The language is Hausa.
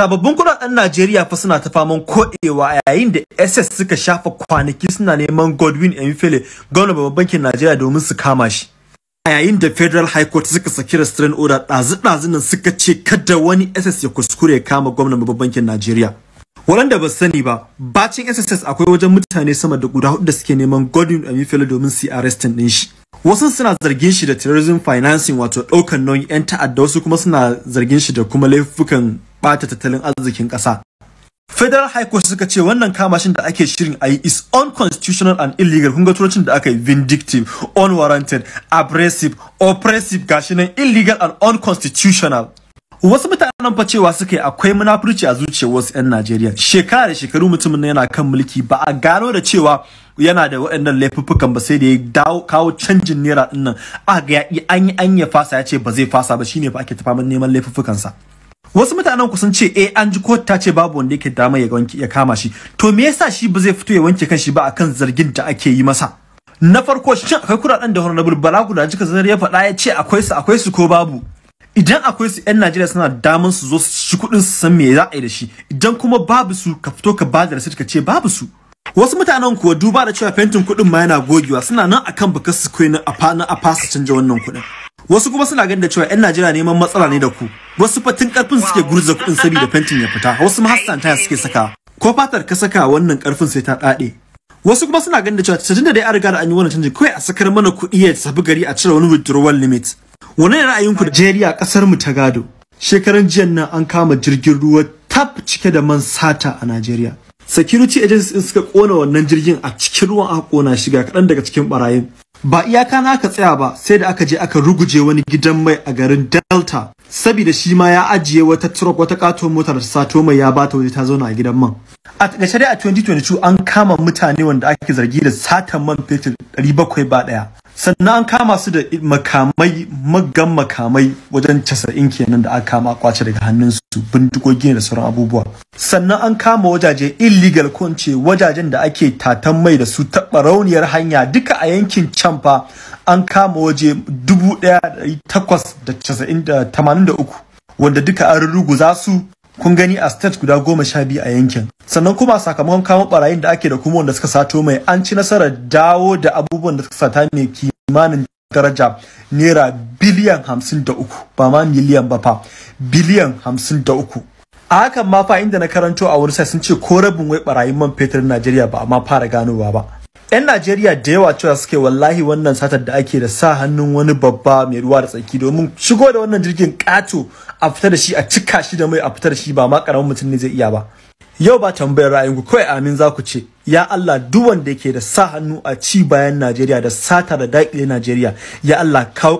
Sababbin kudaden Najeriya fa suna ta faman koɗewa a yayin da SS suka shafa kwanaki suna neman Godwin Emefiele gwamnan babban bankin Najeriya domin su kama shi. A yayin da Federal High Court suka saki restraint order ɗazu ɗazu nan suka ce kada wani SS ya kuskure ya kama gwamnan babban bankin Najeriya. Waɗanda ba sani ba, bacin SSS akwai wajen mutane sama da guda hudu da suke neman Godwin Emefiele domin su yi arrestin ɗin shi. Wasu suna zargin shi da terrorism financing wato ɗaukan nauyin 'yan ta'adda wasu kuma suna zargin shi da kuma laifukan bata tattalin arzikin ƙasa. Federal High Court suka ce wannan kamashin da ake shirin a yi is unconstitutional and illegal kun ga da aka yi vindictive, unwarranted, abrasive, oppressive gashi nan illegal and unconstitutional. Wasu mutanen fa cewa suka yi akwai munafurci a zuciyar wasu 'yan Najeriya. Shekara da shekaru mutumin yana kan mulki ba a gano da cewa yana da waɗannan laifuffukan ba sai da ya dawo kawo canjin nera ɗin nan. Aka ga ya an yi an ya fasa ya ce ba zai fasa ba shine fa ake tafaman neman laifuffukansa. wasu mutanen ku sun ce eh an ji kotu ta ce babu wanda yake dama ya wanke ya kama shi to me yasa shi ba zai fito ya wanke kanshi ba akan zargin da ake yi masa na farko shin akwai kuɗaɗen da honorable bala guda jika zanar ya faɗa ya ce akwai su akwai su ko babu idan akwai su 'yan Najeriya suna damar su zo su ci kuɗin su san me za a yi da shi idan kuma babu su ka fito ka ba da rasit ka ce babu su wasu mutanen kuwa duba da cewa fentin kuɗin ma yana gogewa suna nan akan bakar su koyi na a na afa su canja wannan kuɗin wasu kuma suna ganin da cewa yan Najeriya neman matsala ne da ku wasu fatin karfin suke gurza kuɗin saboda fentin ya fita wasu ma hassan taya suke saka ko fatar ka saka wannan karfin sai ta dade wasu kuma suna ganin da cewa tun da ya riga da an yi wannan canji kawai a sakar mana kuɗi ya tafi gari a cire wani withdrawal limit wannan ra'ayinku Najeriya kasar mu ta gado shekaran jiyan nan an kama jirgin ruwa tab cike da man sata a Najeriya. Security agencies suka kona wannan jirgin a cikin ruwan aka kona shiga kaɗan daga cikin barayin. ba iyaka na aka tsaya ba sai da aka je aka ruguje wani gidan mai a garin delta saboda shi ma ya ajiye wata truck wata kato mota da sato mai ya bata waje ta zauna a gidan man a takaice dai a 2022 an kama mutane wanda ake zargi da satan man fetur 700 ba daya sannan an kama su da makamai magan makamai wajen casa'in kenan da aka kama kwace daga hannunsu bindigogi da sauran abubuwa sannan an kama wajaje illegal ko ce wajajen da ake tatan mai da su taɓa rauniyar hanya duka a yankin can an kama waje 1883 wanda duka an ruguza su kun gani a state guda goma sha biyu a yankin sannan kuma sakamakon kama barayin da ake da kuma wanda suka sato mai an ci nasarar dawo da abubuwan da suka sata mai kimanin daraja naira biliyan hamsin da uku ba ma miliyan ba fa biliyan hamsin da uku a hakan ma fa inda na karanto a wani sai sun ce ko rabin wai barayin man fetur Najeriya ba a ma fara ganowa ba 'yan najeriya da yawa cewa suke wallahi wannan satar da ake da sa hannun wani babba mai ruwa da tsaki domin shigo da wannan jirgin ƙato a fita da shi a cika shi da mai a fitar shi ba ma karamin mutum ne zai iya ba yau ba tambayar ra'ayinku kawai amin za ku ce ya Allah duk wanda yake da sa hannu a ci bayan Najeriya da sata da daƙile Najeriya ya Allah kawo